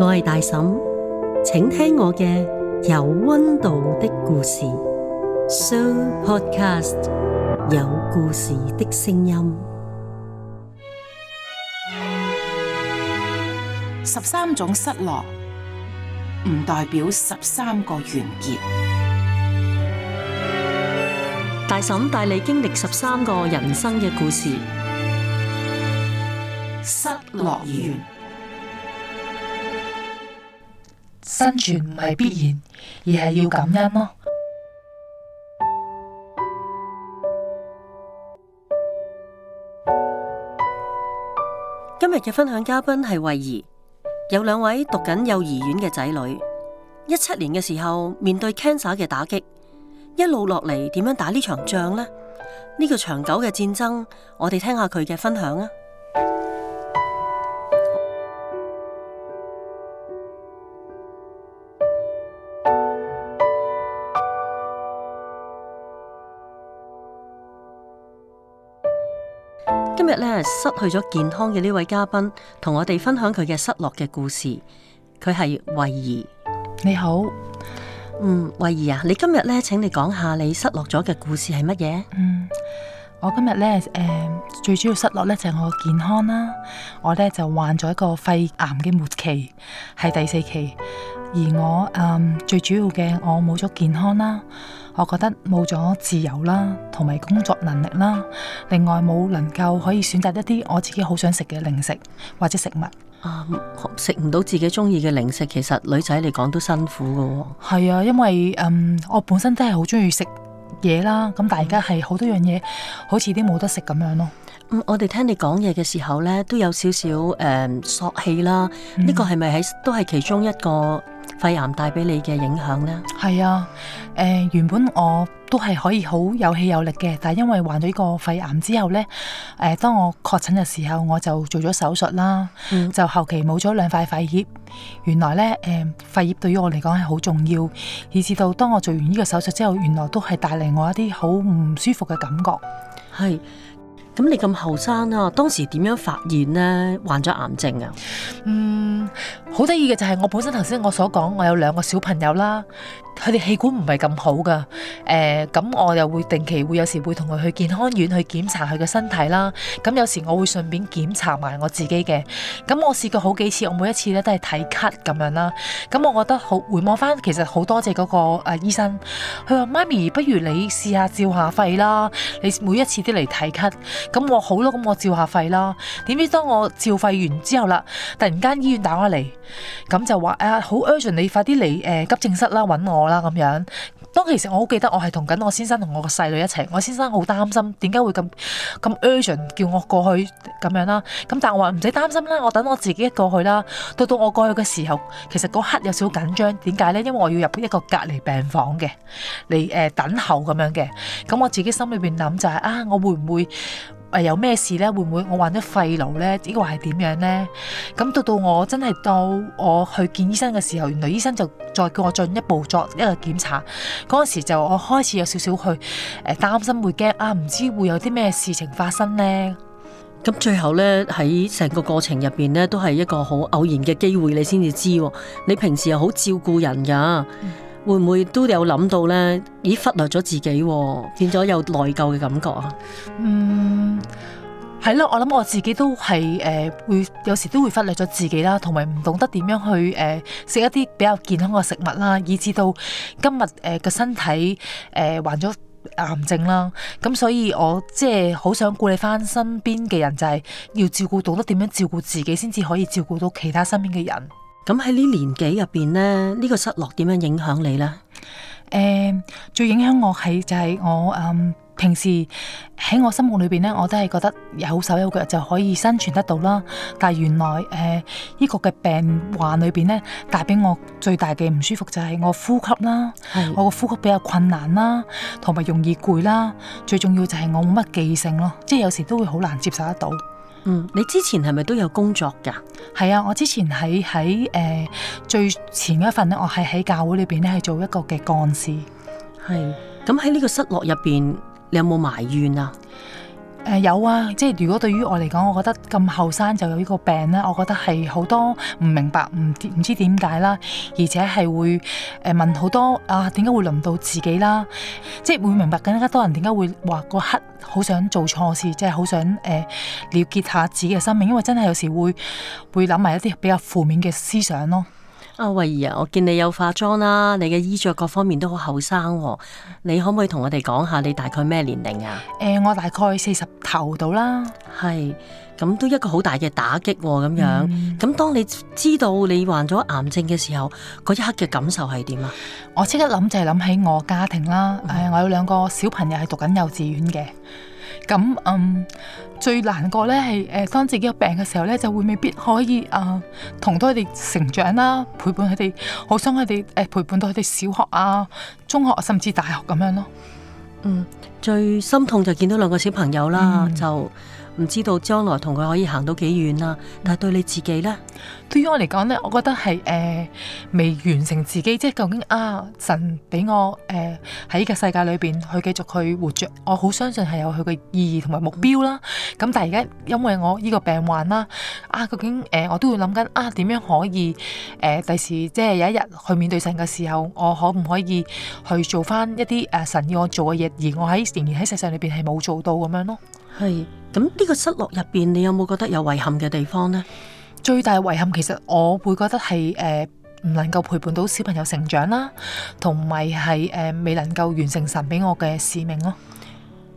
我係大嬸，請聽我嘅有温度的故事，Show Podcast 有故事的聲音。十三種失落，唔代表十三個完結。大嬸帶你經歷十三個人生嘅故事，失落而完。生存唔係必然，而係要感恩咯。今日嘅分享嘉賓係慧兒，有兩位讀緊幼兒園嘅仔女。一七年嘅時候，面對 cancer 嘅打擊，一路落嚟點樣打呢場仗呢？呢、呢個長久嘅戰爭，我哋聽下佢嘅分享啊！今日咧失去咗健康嘅呢位嘉賓，同我哋分享佢嘅失落嘅故事。佢係慧儀，你好，嗯，慧儀啊，你今日咧，請你講下你失落咗嘅故事係乜嘢？嗯。我今日咧，誒、嗯、最主要失落咧就係、是、我健康啦。我咧就患咗一個肺癌嘅末期，係第四期。而我誒、嗯、最主要嘅，我冇咗健康啦。我覺得冇咗自由啦，同埋工作能力啦。另外冇能夠可以選擇一啲我自己好想食嘅零食或者食物啊，食唔、嗯、到自己中意嘅零食，其實女仔嚟講都辛苦㗎喎。係啊，因為誒、嗯、我本身都係好中意食。嘢啦，咁大家係好多樣嘢，好似啲冇得食咁樣咯。嗯，我哋聽你講嘢嘅時候咧，都有少少誒，索氣啦。呢個係咪喺都係其中一個肺癌帶俾你嘅影響咧？係啊，誒、呃，原本我都係可以好有氣有力嘅，但係因為患咗呢個肺癌之後咧，誒、呃，當我確診嘅時候，我就做咗手術啦，嗯、就後期冇咗兩塊肺葉。原來咧，誒、呃，肺葉對於我嚟講係好重要，以至到當我做完呢個手術之後，原來都係帶嚟我一啲好唔舒服嘅感覺。係。咁你咁後生啊？當時點樣發現咧，患咗癌症啊？嗯，好得意嘅就係我本身頭先我所講，我有兩個小朋友啦，佢哋氣管唔係咁好噶。誒、呃，咁我又會定期會有時會同佢去健康院去檢查佢嘅身體啦。咁有時我會順便檢查埋我自己嘅。咁我試過好幾次，我每一次咧都係睇咳咁樣啦。咁我覺得好回望翻，其實好多謝嗰、那個誒、啊、醫生，佢話媽咪，不如你試下照下肺啦。你每一次都嚟睇咳。咁我好咯，咁我照下肺啦。點知當我照肺完之後啦，突然間醫院打過嚟，咁就話啊好 urgent，你快啲嚟誒急症室啦，揾我啦咁樣。當其實我好記得，我係同緊我先生同我個細女一齊。我先生好擔心，點解會咁咁 urgent 叫我過去咁樣啦？咁但係我話唔使擔心啦，我等我自己一個去啦。到到我過去嘅時候，其實嗰刻有少少緊張，點解咧？因為我要入一個隔離病房嘅，嚟誒等候咁樣嘅。咁我自己心裏邊諗就係啊，我會唔會？誒、啊，有咩事咧？會唔會我患咗肺瘤咧？呢個係點樣咧？咁到到我真係到我去見醫生嘅時候，原來醫生就再叫我進一步作一個檢查嗰陣時，就我開始有少少去誒擔心會，會驚啊，唔知會有啲咩事情發生咧。咁最後咧，喺成個過程入邊咧，都係一個好偶然嘅機會，你先至知。你平時又好照顧人噶。嗯會唔會都有諗到咧？咦，忽略咗自己，變咗有內疚嘅感覺啊？嗯，係咯，我諗我自己都係誒、呃，會有時都會忽略咗自己啦，同埋唔懂得點樣去誒食、呃、一啲比較健康嘅食物啦，以至到今日誒個身體誒患咗癌症啦。咁、呃、所以我即係好想鼓勵翻身邊嘅人，就係要照顧，懂得點樣照顧自己，先至可以照顧到其他身邊嘅人。咁喺呢年紀入邊咧，呢個失落點樣影響你咧？誒，最影響我係就係我誒，平時喺我心目裏邊咧，我都係覺得有手有腳就可以生存得到啦。但係原來誒，呢個嘅病患裏邊咧，帶俾我最大嘅唔舒服就係我呼吸啦，是我個呼吸比較困難啦，同埋容易攰啦。最重要就係我冇乜記性咯，即係有時都會好難接受得到。嗯，你之前係咪都有工作噶？係啊，我之前喺喺誒最前一份咧，我係喺教會裏邊咧係做一個嘅幹事。係，咁喺呢個失落入邊，你有冇埋怨啊？誒、呃，有啊，即係如果對於我嚟講，我覺得咁後生就有呢個病咧，我覺得係好多唔明白，唔唔知點解啦，而且係會誒問好多啊，點解會輪到自己啦？即係會明白更加多人點解會話嗰刻好想做錯事，即係好想誒、呃、了結下自己嘅生命，因為真係有時會會諗埋一啲比較負面嘅思想咯。阿慧兒啊，我見你有化妝啦，啊，你嘅衣着各方面都好後生，你可唔可以同我哋講下你大概咩年齡啊？誒、呃，我大概四十頭到啦。係，咁都一個好大嘅打擊喎，啊，咁樣。咁、嗯、當你知道你患咗癌症嘅時候，嗰一刻嘅感受係點啊？我即刻諗就係、是、諗起我家庭啦，誒、嗯呃，我有兩個小朋友係讀緊幼稚園嘅。咁嗯，最難過咧係誒，當自己有病嘅時候咧，就會未必可以啊，同到佢哋成長啦，陪伴佢哋，好想佢哋誒，陪伴到佢哋小學啊、中學、啊、甚至大學咁樣咯。嗯，最心痛就見到兩個小朋友啦，嗯、就。唔知道將來同佢可以行到幾遠啊！但係對你自己咧，對於我嚟講咧，我覺得係誒、呃、未完成自己，即係究竟啊神俾我誒喺呢個世界裏邊去繼續去活着，我好相信係有佢嘅意義同埋目標啦。咁、啊、但係而家因為我呢個病患啦啊，究竟誒、呃、我都會諗緊啊點樣可以誒第時即係有一日去面對神嘅時候，我可唔可以去做翻一啲誒、啊、神要我做嘅嘢，而我喺仍然喺世上裏邊係冇做到咁樣咯。係，咁呢個失落入邊，你有冇覺得有遺憾嘅地方呢？最大遺憾其實我會覺得係誒唔能夠陪伴到小朋友成長啦，同埋係誒未能夠完成神俾我嘅使命咯。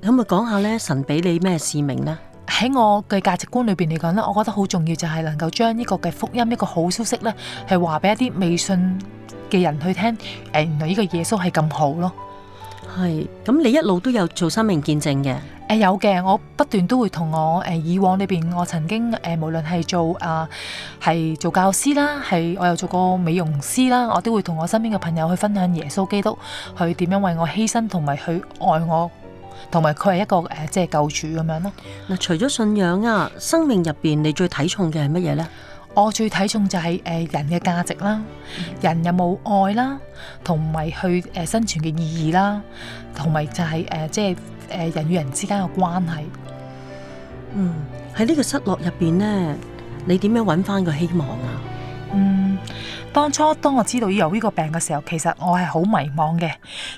可唔可以講下咧？神俾你咩使命呢？喺我嘅價值觀裏邊嚟講咧，我覺得好重要就係能夠將呢個嘅福音，一個好消息咧，係話俾一啲未信嘅人去聽。誒，原來呢個耶穌係咁好咯。係咁，你一路都有做生命見證嘅？誒，有嘅，我不斷都會同我誒以往裏邊我曾經誒，無論係做啊係做教師啦，係我又做過美容師啦，我都會同我身邊嘅朋友去分享耶穌基督，佢點樣為我犧牲，同埋佢愛我，同埋佢係一個誒即係救主咁樣咯。嗱，除咗信仰啊，生命入邊你最睇重嘅係乜嘢咧？我最睇重就係、是呃、人嘅價值啦，人有冇愛啦，同埋去、呃、生存嘅意義啦，同埋就係、是呃呃、人與人之間嘅關係。嗯，喺呢個失落入面咧，你點樣搵翻個希望？當初當我知道有呢個病嘅時候，其實我係好迷茫嘅，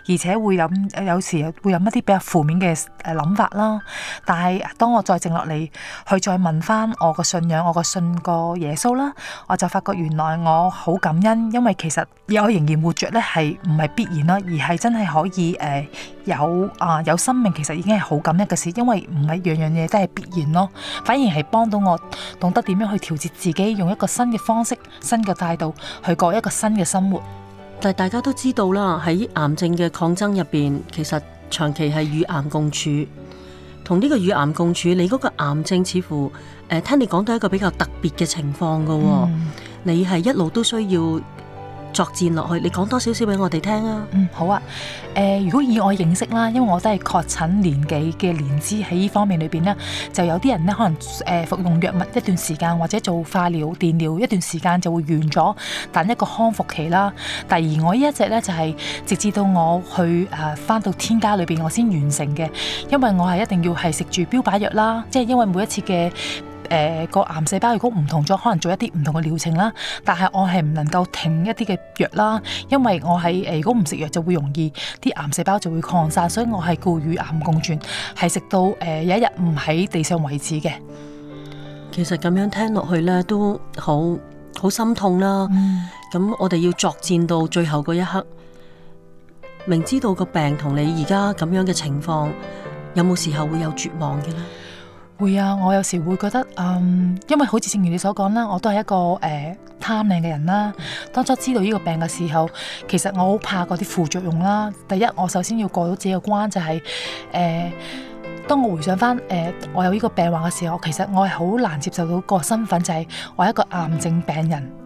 而且會有有時會有一啲比較負面嘅誒諗法啦。但係當我再靜落嚟，去再問翻我個信仰，我個信個耶穌啦，我就發覺原來我好感恩，因為其實。我仍然活着咧，係唔係必然啦，而係真係可以誒、呃，有啊、呃、有生命，其實已經係好感恩嘅事，因為唔係樣樣嘢都係必然咯，反而係幫到我懂得點樣去調節自己，用一個新嘅方式、新嘅態度去過一個新嘅生活。但大家都知道啦，喺癌症嘅抗爭入邊，其實長期係與癌共處。同呢個與癌共處，你嗰個癌症似乎誒、呃，聽你講到一個比較特別嘅情況噶、哦，嗯、你係一路都需要。作戰落去，你講多少少俾我哋聽啊？嗯，好啊。誒、呃，如果以我認識啦，因為我都係確診年紀嘅年資喺呢方面裏邊咧，就有啲人咧可能誒服用藥物一段時間，或者做化療、電療一段時間就會完咗，等一個康復期啦。第二，我呢一隻咧就係、是、直至到我去誒翻、呃、到天家裏邊，我先完成嘅，因為我係一定要係食住標靶藥啦，即、就、係、是、因為每一次嘅。誒、呃，個癌細胞如果唔同咗，可能做一啲唔同嘅療程啦。但係我係唔能夠停一啲嘅藥啦，因為我係誒、呃，如果唔食藥就會容易啲癌細胞就會擴散，所以我係故與癌共存，係食到誒有、呃、一日唔喺地上為止嘅。其實咁樣聽落去咧，都好好心痛啦。咁、嗯、我哋要作戰到最後嗰一刻，明知道個病同你而家咁樣嘅情況，有冇時候會有絕望嘅咧？會啊，我有時會覺得，嗯，因為好似正如你所講啦，我都係一個誒貪靚嘅人啦。當初知道呢個病嘅時候，其實我好怕嗰啲副作用啦。第一，我首先要過到自己嘅關就係，誒，當我回想翻，誒，我有呢個病患嘅時候，其實我係好難接受到個身份就係我係一個癌症病人。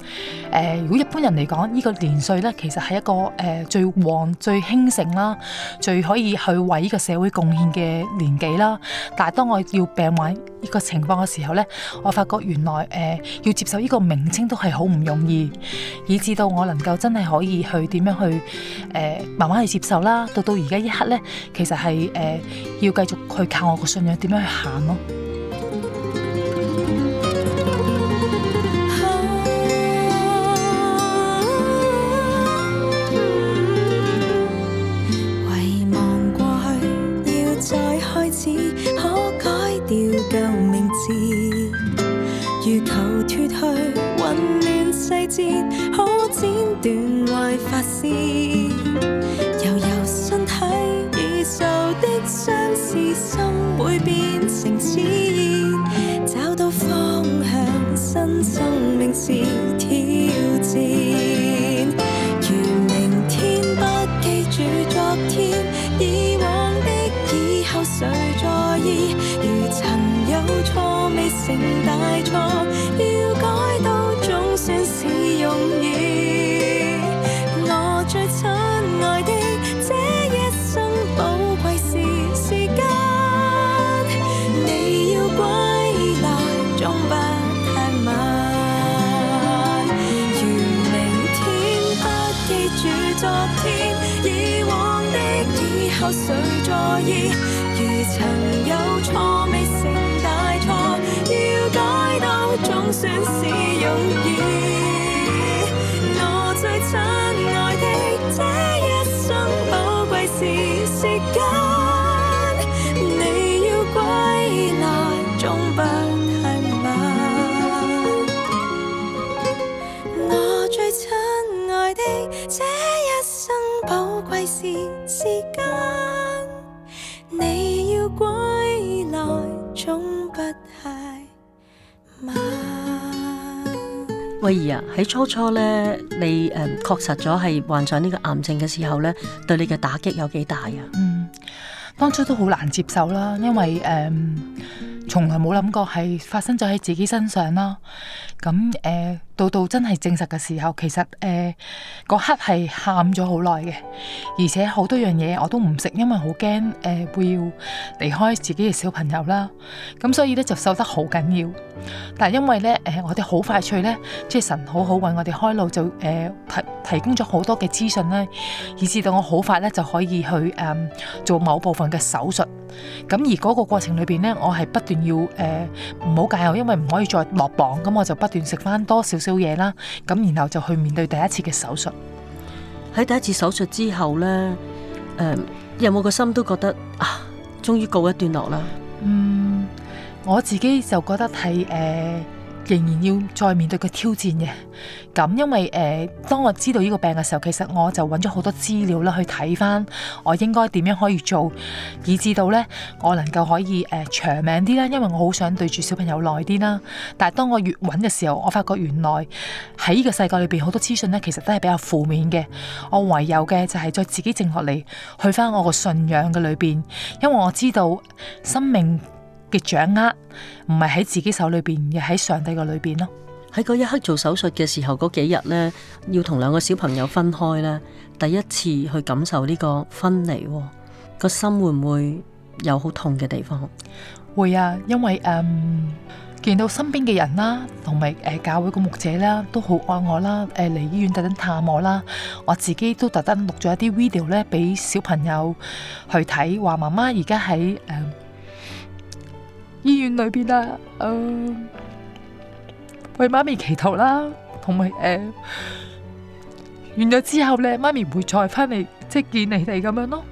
誒、呃，如果一般人嚟講，呢、這個年歲咧，其實係一個誒、呃，最旺、最興盛啦，最可以去為呢個社會貢獻嘅年紀啦。但係當我要病患呢個情況嘅時候咧，我發覺原來誒、呃、要接受呢個名稱都係好唔容易，以致到我能夠真係可以去點樣去誒慢慢去接受啦。到到而家一刻咧，其實係誒、呃、要繼續去靠我個信仰點樣去行咯、啊。悠柔身體已受的傷是心會變成熾熱，找到方向，新生命是挑戰。如明天不記住昨天，以往的以後誰在意？如曾有錯未成大錯。誰在意？如曾有錯，未成大錯，要改都總算是容易。所以啊，喺初初咧，你誒確實咗係患上呢個癌症嘅時候咧，對你嘅打擊有幾大啊？嗯，當初都好難接受啦，因為誒從來冇諗過係發生咗喺自己身上啦。咁誒到到真係證實嘅時候，其實誒嗰刻係喊咗好耐嘅，而且好多樣嘢我都唔食，因為好驚誒會要離開自己嘅小朋友啦。咁所以咧就瘦得好緊要，但係因為咧誒我哋好快脆咧，即係神好好為我哋開路，就誒提提供咗好多嘅資訊咧，以至到我好快咧就可以去誒做某部分嘅手術。咁而嗰個過程裏邊咧，我係不斷要誒唔好戒口，因為唔可以再落磅，咁我就不一段食翻多少少嘢啦，咁然後就去面對第一次嘅手術。喺 第一次手術之後呢，誒、呃，有冇個心都覺得啊，終於告一段落啦？嗯，我自己就覺得係誒。呃仍然要再面對個挑戰嘅，咁 因為誒、呃，當我知道呢個病嘅時候，其實我就揾咗好多資料啦，去睇翻我應該點樣可以做，以致到呢，我能夠可以誒、呃、長命啲啦，因為我好想對住小朋友耐啲啦。但係當我越揾嘅時候，我發覺原來喺呢個世界裏邊好多資訊呢其實都係比較負面嘅。我唯有嘅就係再自己靜落嚟，去翻我個信仰嘅裏邊，因為我知道生命。嘅掌握，唔係喺自己手裏邊，而喺上帝嘅裏邊咯。喺嗰一刻做手術嘅時候，嗰幾日呢，要同兩個小朋友分開呢，第一次去感受呢個分離，個心會唔會有好痛嘅地方？會啊，因為誒見到身邊嘅人啦，同埋誒教會嘅牧者啦，都好愛我啦。誒嚟醫院特登探我啦，我自己都特登錄咗一啲 video 呢，俾小朋友去睇，話媽媽而家喺誒。醫院裏邊啊，嗯，為媽咪祈禱啦，同埋誒，完咗之後咧，媽咪唔會再翻嚟，即係見你哋咁樣咯。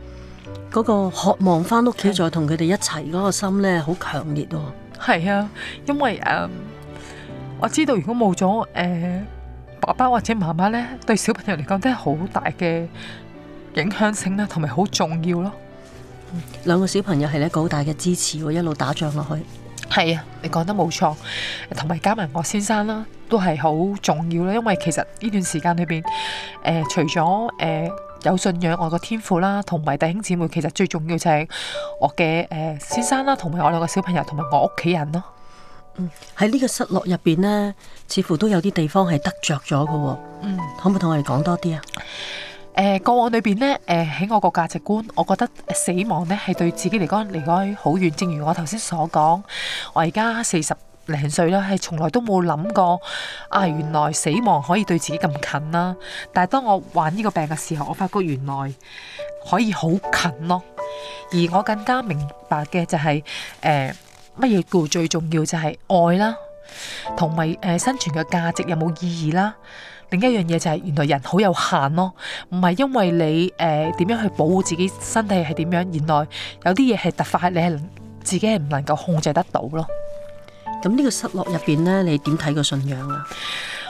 嗰個渴望翻屋企再同佢哋一齊嗰個心咧，好強烈哦。係啊，因為誒，我知道如果冇咗誒爸爸或者媽媽咧，對小朋友嚟講真係好大嘅影響性啦，同埋好重要咯。兩、嗯、個小朋友係一個好大嘅支持，一路打仗落去。係啊，你講得冇錯，同埋加埋我先生啦，都係好重要啦！因為其實呢段時間裏邊，誒、呃，除咗誒、呃、有信仰我嘅天父啦，同埋弟兄姊妹，其實最重要就係我嘅誒、呃、先生啦，同埋我兩個小朋友，同埋我屋企人咯。嗯，喺呢個失落入邊呢，似乎都有啲地方係得着咗嘅。嗯，可唔可以同我哋講多啲啊？誒，過往裏邊咧，誒、呃、喺我個價值觀，我覺得死亡咧係對自己嚟講嚟講好遠。正如我頭先所講，我而家四十零歲啦，係從來都冇諗過啊，原來死亡可以對自己咁近啦，啊。但係當我患呢個病嘅時候，我發覺原來可以好近咯，啊。而我更加明白嘅就係、是，誒乜嘢叫最重要就係愛啦，同埋誒生存嘅價值有冇意義啦。另一樣嘢就係原來人好有限咯，唔係因為你誒點、呃、樣去保護自己身體係點樣，原來有啲嘢係突發，你係自己係唔能夠控制得到咯。咁呢個失落入邊咧，你點睇個信仰啊？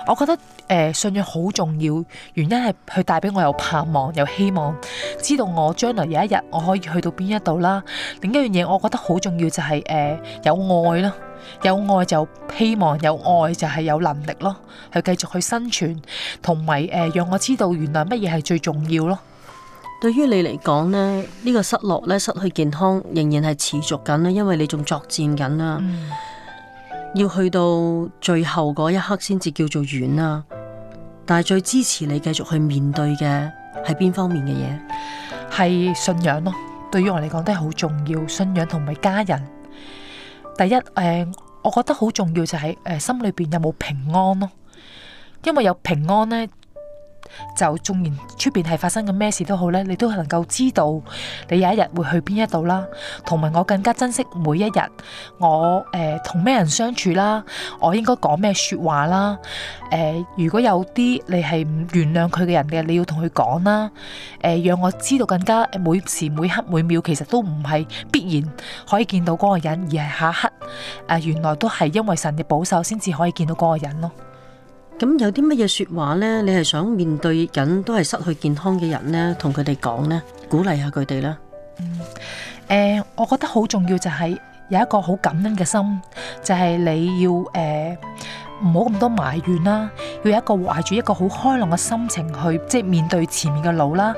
我覺得。誒、呃，信仰好重要，原因係佢帶俾我有盼望，有希望，知道我將來有一日我可以去到邊一度啦。另一樣嘢，我覺得好重要就係、是、誒、呃、有愛啦，有愛就希望，有愛就係有能力咯，去繼續去生存，同埋誒讓我知道原來乜嘢係最重要咯。對於你嚟講咧，呢、這個失落咧，失去健康仍然係持續緊啦，因為你仲作戰緊啦。嗯要去到最後嗰一刻先至叫做完啊。但係最支持你繼續去面對嘅係邊方面嘅嘢？係信仰咯，對於我嚟講都係好重要。信仰同埋家人，第一誒、呃，我覺得好重要就係、是、誒、呃、心裏邊有冇平安咯，因為有平安呢。就縱然出邊係發生緊咩事都好咧，你都能夠知道你有一日會去邊一度啦。同埋我更加珍惜每一日，我誒同咩人相處啦，我應該講咩說話啦。誒、呃，如果有啲你係唔原諒佢嘅人嘅，你要同佢講啦。誒、呃，讓我知道更加每時每刻每秒，其實都唔係必然可以見到嗰個人，而係下一刻誒、呃，原來都係因為神嘅保守先至可以見到嗰個人咯。咁有啲乜嘢說話咧？你係想面對緊都係失去健康嘅人咧，同佢哋講咧，鼓勵下佢哋啦。誒、嗯呃，我覺得好重要就係有一個好感恩嘅心，就係、是、你要誒唔好咁多埋怨啦，要有一個懷住一個好開朗嘅心情去即係面對前面嘅路啦，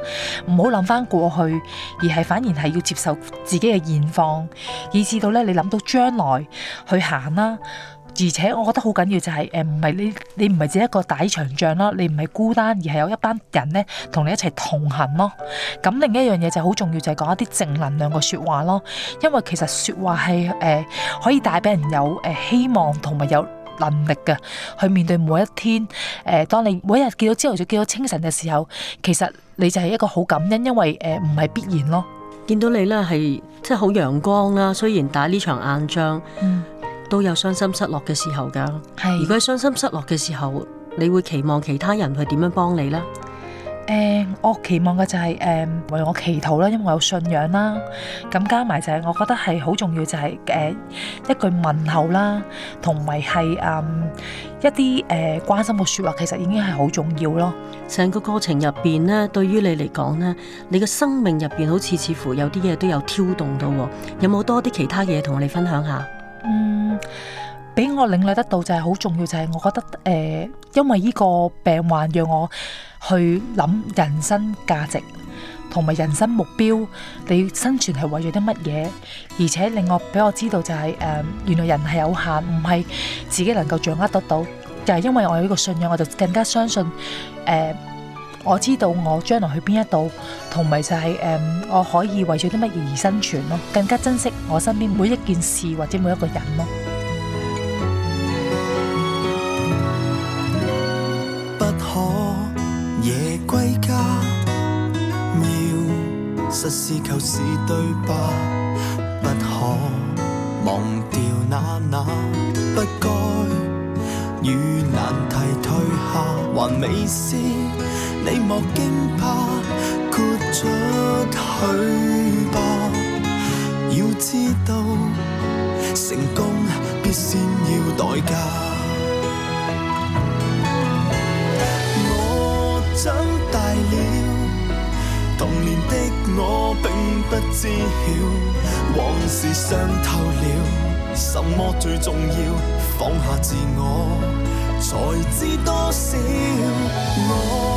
唔好諗翻過去，而係反而係要接受自己嘅現況，以至到咧你諗到將來去行啦。而且我覺得好緊要就係誒唔係你，你唔係只一個打場仗咯，你唔係孤單，而係有一班人咧同你一齊同行咯。咁另一樣嘢就好重要，就係、是、講一啲正能量嘅説話咯。因為其實説話係誒、呃、可以帶俾人有誒希望同埋有能力嘅去面對每一天。誒、呃，當你每一日見到朝頭早，見到清晨嘅時候，其實你就係一個好感恩，因為誒唔係必然咯。見到你咧係即係好陽光啦、啊，雖然打呢場硬仗。嗯都有傷心失落嘅時候噶，是如果係傷心失落嘅時候，你會期望其他人去點樣幫你呢？誒、呃，我期望嘅就係、是、誒、呃、為我祈禱啦，因為我有信仰啦。咁加埋就係、是、我覺得係好重要、就是，就係誒一句問候啦，同埋係誒一啲誒、呃、關心嘅說話，其實已經係好重要咯。成個過程入邊呢，對於你嚟講呢，你嘅生命入邊好似似乎有啲嘢都有挑動到，有冇多啲其他嘢同我哋分享下？嗯，俾我領略得到就係好重要，就係我覺得誒、呃，因為呢個病患讓我去諗人生價值同埋人生目標，你生存係為咗啲乜嘢？而且令我俾我知道就係、是、誒、呃，原來人係有限，唔係自己能夠掌握得到。就係、是、因為我有呢個信仰，我就更加相信誒。呃我知道我將來去邊一度，同埋就係、是、誒，uh, 我可以為咗啲乜嘢而生存咯，更加珍惜我身邊每一件事或者每一個人咯。不可夜歸家，要實事求是對吧？不可忘掉那那不該與難題退下，還未試。你莫驚怕，豁出去吧。要知道，成功必先要代價。 我長大了？童年的我並不知曉，往事傷透了。什麼最重要？放下自我，才知多少我。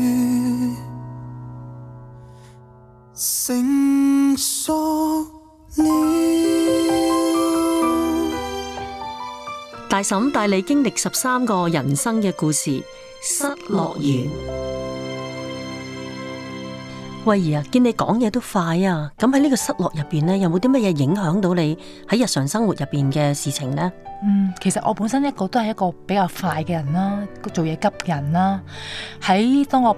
成熟了。大嬸帶你經歷十三個人生嘅故事，失落完。慧兒啊，見你講嘢都快啊，咁喺呢個失落入邊呢，有冇啲乜嘢影響到你喺日常生活入邊嘅事情呢？嗯，其實我本身一個都係一個比較快嘅人啦，做嘢急人啦。喺當我。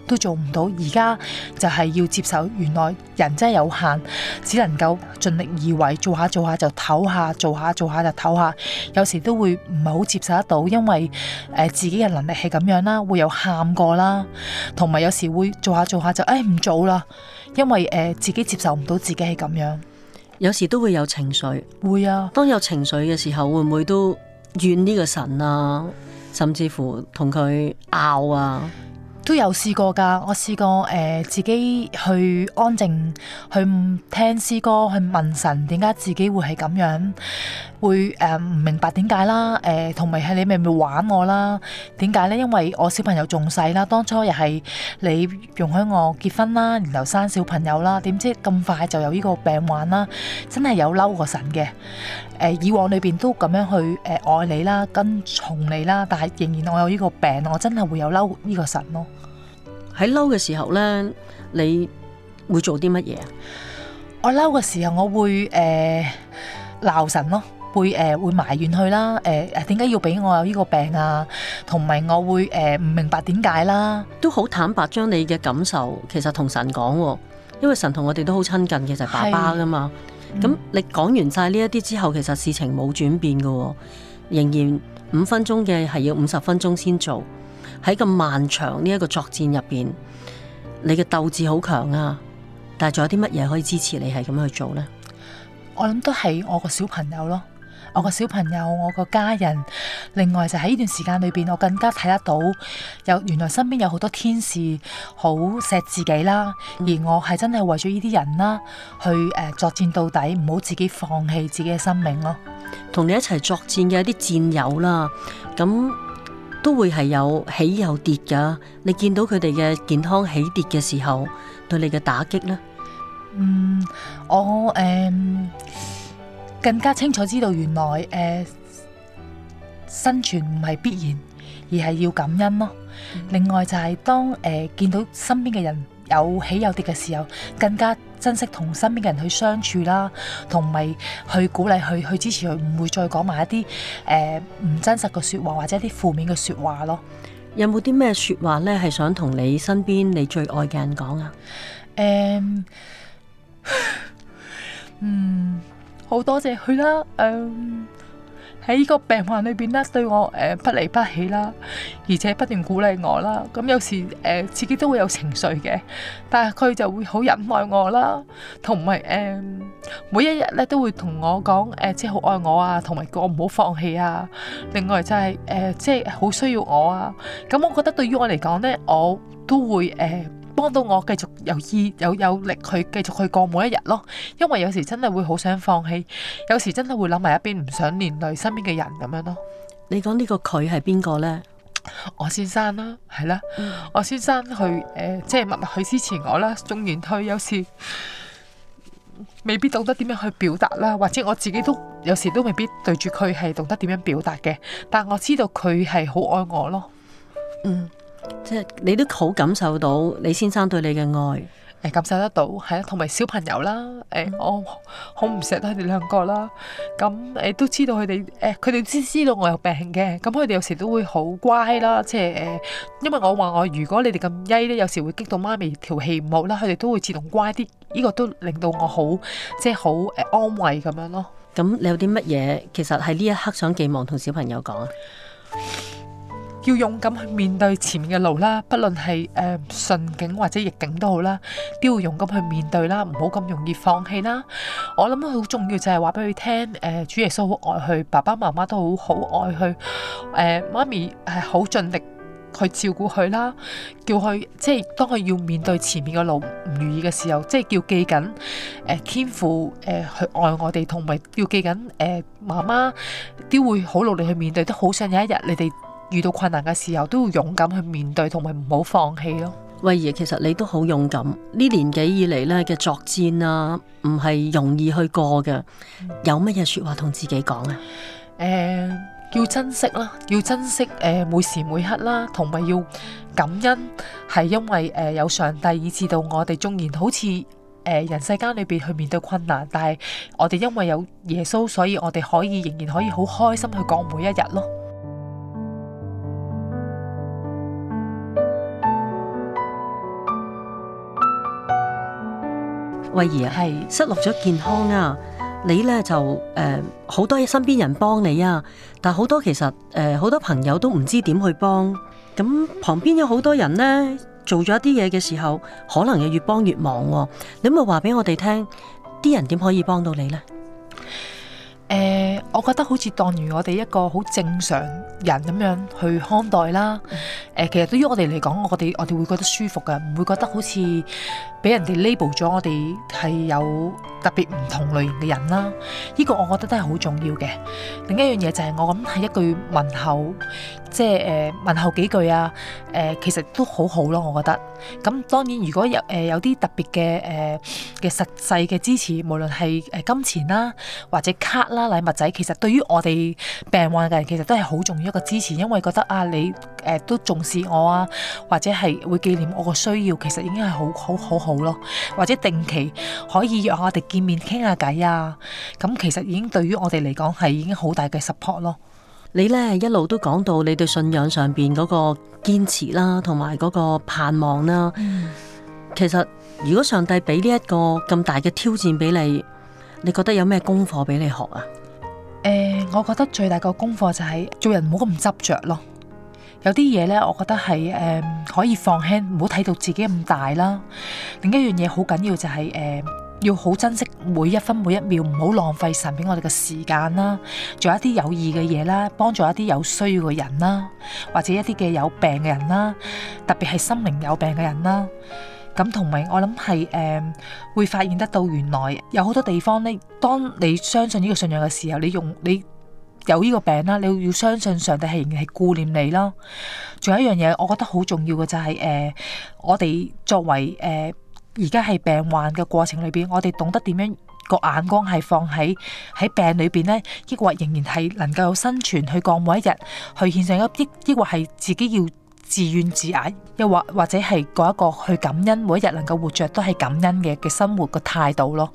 都做唔到，而家就係要接受，原來人真係有限，只能夠盡力而為，做下做下就唞下，做下做下就唞下，下就，有時都會唔係好接受得到，因為誒自己嘅能力係咁樣啦，會有喊過啦，同埋有時會做下做下就誒唔、哎、做啦，因為誒、呃、自己接受唔到自己係咁樣，有時都會有情緒，會啊，當有情緒嘅時候會唔會都怨呢個神啊，甚至乎同佢拗啊？都有試過㗎，我試過誒、呃、自己去安靜，去聽詩歌，去問神點解自己會係咁樣。會誒唔明白點解啦？誒，同埋係你咪咪玩我啦？點解呢？因為我小朋友仲細啦，當初又係你容許我結婚啦，然後生小朋友啦，點知咁快就有呢個病患啦？真係有嬲過神嘅。誒，以往裏邊都咁樣去誒愛你啦，跟從你啦，但係仍然我有呢個病，我真係會有嬲呢個神咯。喺嬲嘅時候呢，你會做啲乜嘢啊？我嬲嘅時候，我會誒鬧神咯。會誒、呃、會埋怨佢啦，誒點解要俾我有呢個病啊？同埋我會誒唔、呃、明白點解啦，都好坦白將你嘅感受其實同神講、哦，因為神同我哋都好親近嘅，就係爸爸噶嘛。咁、嗯、你講完晒呢一啲之後，其實事情冇轉變噶、哦，仍然五分鐘嘅係要五十分鐘先做。喺咁漫長呢一個作戰入邊，你嘅鬥志好強啊！但係仲有啲乜嘢可以支持你係咁樣去做呢？我諗都係我個小朋友咯。我個小朋友，我個家人，另外就喺呢段時間裏邊，我更加睇得到有原來身邊有好多天使好錫自己啦，嗯、而我係真係為咗呢啲人啦去誒作戰到底，唔好自己放棄自己嘅生命咯。同你一齊作戰嘅一啲戰友啦，咁都會係有起有跌噶。你見到佢哋嘅健康起跌嘅時候，對你嘅打擊呢，嗯我。嗯，我誒。更加清楚知道，原來誒，生存唔係必然，而係要感恩咯。另外就係當誒，見到身邊嘅人有起有跌嘅時候，更加珍惜同身邊嘅人去相處啦，同埋去鼓勵佢去去支持佢，唔會再講埋一啲誒，唔真實嘅說話或者一啲負面嘅說話咯。有冇啲咩說話咧係想同你身邊你最愛嘅人講啊？誒，嗯。好多謝佢啦，嗯，喺呢個病患裏邊咧，對我誒、呃、不離不棄啦，而且不斷鼓勵我啦。咁有時誒、呃、自己都會有情緒嘅，但係佢就會好忍耐我啦，同埋誒每一日咧都會同我講誒，即係好愛我啊，同埋叫我唔好放棄啊。另外就係誒即係好需要我啊。咁我覺得對於我嚟講咧，我都會誒。呃幫到我繼續有意有有力去繼續去過每一日咯，因為有時真係會好想放棄，有時真係會諗埋一邊唔想連累身邊嘅人咁樣咯。你講呢、這個佢係邊個呢？我先生啦，係啦，嗯、我先生去誒、呃，即係默默去支持我啦。縱然佢有時未必懂得點樣去表達啦，或者我自己都有時都未必對住佢係懂得點樣表達嘅，但我知道佢係好愛我咯。嗯。即係你都好感受到李先生對你嘅愛，誒，感受得到，係啦、啊，同埋小朋友啦，誒、啊，我好唔捨得佢哋兩個啦，咁、啊、誒、啊，都知道佢哋，誒、啊，佢哋知知道我有病嘅，咁佢哋有時都會好乖啦，即係誒，因為我話我如果你哋咁曳咧，有時會激到媽咪條氣唔好啦，佢、啊、哋都會自動乖啲，呢、這個都令到我好，即係好誒安慰咁樣咯。咁、啊、你有啲乜嘢，其實喺呢一刻想寄望同小朋友講啊？要勇敢去面對前面嘅路啦，不論係誒、呃、順境或者逆境都好啦，都要勇敢去面對啦，唔好咁容易放棄啦。我諗佢好重要就係話俾佢聽，誒、呃、主耶穌好愛佢，爸爸媽媽都好好愛佢，誒、呃、媽咪係好盡力去照顧佢啦，叫佢即係當佢要面對前面嘅路唔如意嘅時候，即係叫記緊誒、呃、天父誒、呃、去愛我哋，同埋要記緊誒、呃、媽媽，都會好努力去面對，都好想有一日你哋。遇到困難嘅時候都要勇敢去面對，同埋唔好放棄咯。喂，爺，其實你都好勇敢，呢年紀以嚟咧嘅作戰啊，唔係容易去過嘅。嗯、有乜嘢說話同自己講啊？誒、呃，要珍惜啦，要珍惜誒、呃，每時每刻啦，同埋要感恩，係因為誒、呃、有上帝，以至到我哋縱然好似誒、呃、人世間裏邊去面對困難，但係我哋因為有耶穌，所以我哋可以仍然可以好開心去過每一日咯。惠儀啊，係是失落咗健康啊，你咧就誒好、呃、多身邊人幫你啊，但好多其實誒好、呃、多朋友都唔知點去幫，咁旁邊有好多人咧做咗一啲嘢嘅時候，可能又越幫越忙、哦。你咪話俾我哋聽，啲人點可以幫到你咧？誒、呃，我覺得好似當如我哋一個好正常人咁樣去看待啦。誒、嗯呃，其實對於我哋嚟講，我哋我哋會覺得舒服㗎，唔會覺得好似。俾人哋 label 咗我哋係有特別唔同類型嘅人啦，呢個我覺得都係好重要嘅。另一樣嘢就係我諗係一句問候，即係誒問候幾句啊，誒、呃、其實都好好咯，我覺得。咁當然如果有誒、呃、有啲特別嘅誒嘅實際嘅支持，無論係誒金錢啦或者卡啦禮物仔，其實對於我哋病患嘅人其實都係好重要一個支持，因為覺得啊你誒、呃、都重視我啊，或者係會紀念我個需要，其實已經係好好好好。好咯，或者定期可以約我哋見面傾下偈啊。咁其實於已經對於我哋嚟講係已經好大嘅 support 咯。你呢一路都講到你對信仰上邊嗰個堅持啦，同埋嗰個盼望啦。嗯、其實如果上帝俾呢一個咁大嘅挑戰俾你，你覺得有咩功課俾你學啊？誒、呃，我覺得最大個功課就係做人唔好咁執着咯。有啲嘢咧，我覺得係誒可以放輕，唔好睇到自己咁大啦。另一樣嘢好緊要就係誒要好珍惜每一分每一秒，唔好浪費神俾我哋嘅時間啦。做一啲有意嘅嘢啦，幫助一啲有需要嘅人啦，或者一啲嘅有病嘅人啦，特別係心靈有病嘅人啦。咁同埋我諗係誒會發現得到，原來有好多地方呢，當你相信呢個信仰嘅時候，你用你。有呢個病啦，你要相信上帝係仍然係顧念你咯。仲有一樣嘢，我覺得好重要嘅就係誒，我哋作為誒而家係病患嘅過程裏邊，我哋懂得點樣個眼光係放喺喺病裏邊呢？抑或仍然係能夠有生存去過每一日，去獻上一，抑抑或係自己要自怨自艾，又或或者係嗰一個去感恩每一日能夠活着都係感恩嘅嘅生活個態度咯。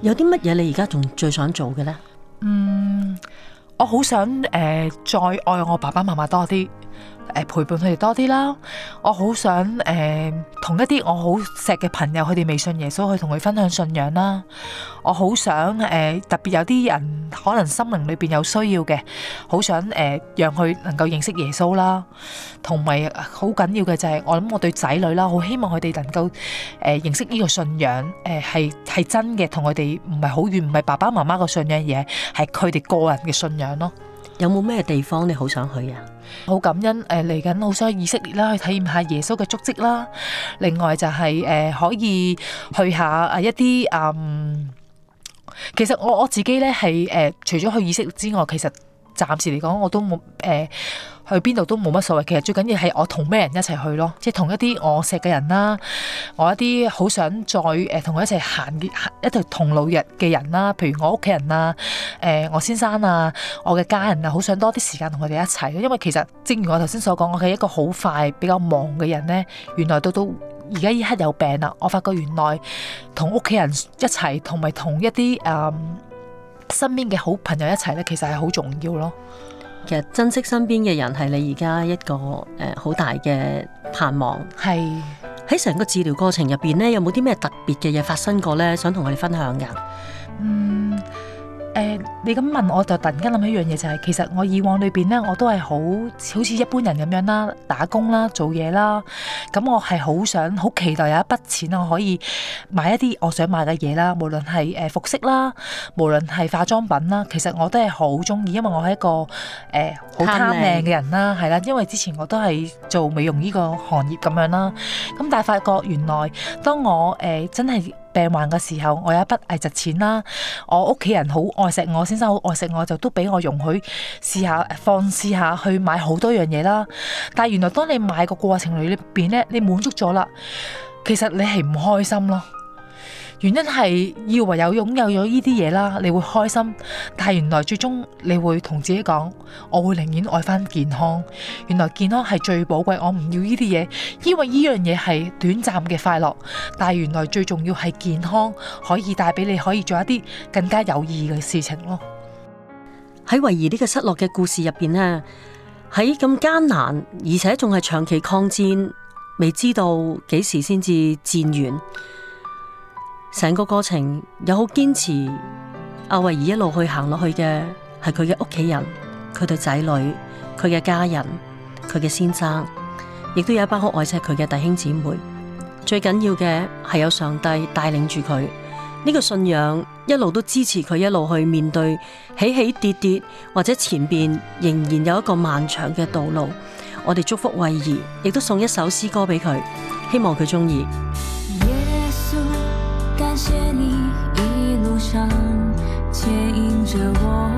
有啲乜嘢你而家仲最想做嘅呢？嗯。我好想誒、呃，再愛我爸爸媽媽多啲。誒，陪伴佢哋多啲啦。我好想誒，同一啲我好錫嘅朋友，佢哋未信耶穌，去同佢分享信仰啦。我好想誒，特別有啲人可能心靈裏邊有需要嘅，好想誒，讓佢能夠認識耶穌啦。同埋好緊要嘅就係，我諗我對仔女啦，好希望佢哋能夠誒認識呢個信仰，誒係係真嘅，同佢哋唔係好遠，唔係爸爸媽媽個信仰，而係係佢哋個人嘅信仰咯。有冇咩地方你好想去啊？好感恩誒，嚟緊好想去以色列啦，去體驗下耶穌嘅足跡啦。另外就係、是、誒、呃，可以去一下啊一啲嗯，其實我我自己咧係誒，除咗去以色列之外，其實暫時嚟講我都冇誒。呃去邊度都冇乜所謂，其實最緊要係我同咩人一齊去咯，即係同一啲我錫嘅人啦、啊，我一啲好想再誒同佢一齊行嘅一條同路人嘅人啦，譬如我屋企人啊，誒、呃、我先生啊，我嘅家人啊，好想多啲時間同佢哋一齊，因為其實正如我頭先所講，我係一個好快比較忙嘅人咧，原來到到而家依刻有病啦，我發覺原來同屋企人一齊，同埋同一啲誒、嗯、身邊嘅好朋友一齊咧，其實係好重要咯。其實珍惜身邊嘅人係你而家一個誒好大嘅盼望。係喺成個治療過程入邊咧，有冇啲咩特別嘅嘢發生過咧？想同我哋分享噶？嗯。誒，你咁問我就突然間諗起一樣嘢，就係其實我以往裏邊咧，我都係好好似一般人咁樣啦，打工啦，做嘢啦。咁我係好想，好期待有一筆錢我可以買一啲我想買嘅嘢啦，無論係誒服飾啦，無論係化妝品啦。其實我都係好中意，因為我係一個誒好、呃、貪靚嘅人啦，係啦貪靚。因為之前我都係做美容呢個行業咁樣啦。咁但係發覺原來當我誒、呃、真係～病患嘅時候，我有一筆係值錢啦。我屋企人好愛錫我，先生好愛錫我，就都俾我容許試下放肆下去買好多樣嘢啦。但係原來當你買個過程裏邊咧，你滿足咗啦，其實你係唔開心咯。原因係要唯有擁有咗呢啲嘢啦，你會開心，但係原來最終你會同自己講，我會寧願愛翻健康。原來健康係最寶貴，我唔要呢啲嘢，因為呢樣嘢係短暫嘅快樂。但係原來最重要係健康，可以帶俾你可以做一啲更加有意義嘅事情咯。喺維兒呢個失落嘅故事入邊呢，喺咁艱難，而且仲係長期抗戰，未知道幾時先至戰完。成個過程有好堅持，阿慧儀一路去行落去嘅係佢嘅屋企人、佢對仔女、佢嘅家人、佢嘅先生，亦都有一班好愛錫佢嘅弟兄姊妹。最緊要嘅係有上帝帶領住佢，呢個信仰一路都支持佢一路去面對起起跌跌，或者前邊仍然有一個漫長嘅道路。我哋祝福慧儀，亦都送一首詩歌俾佢，希望佢中意。着我。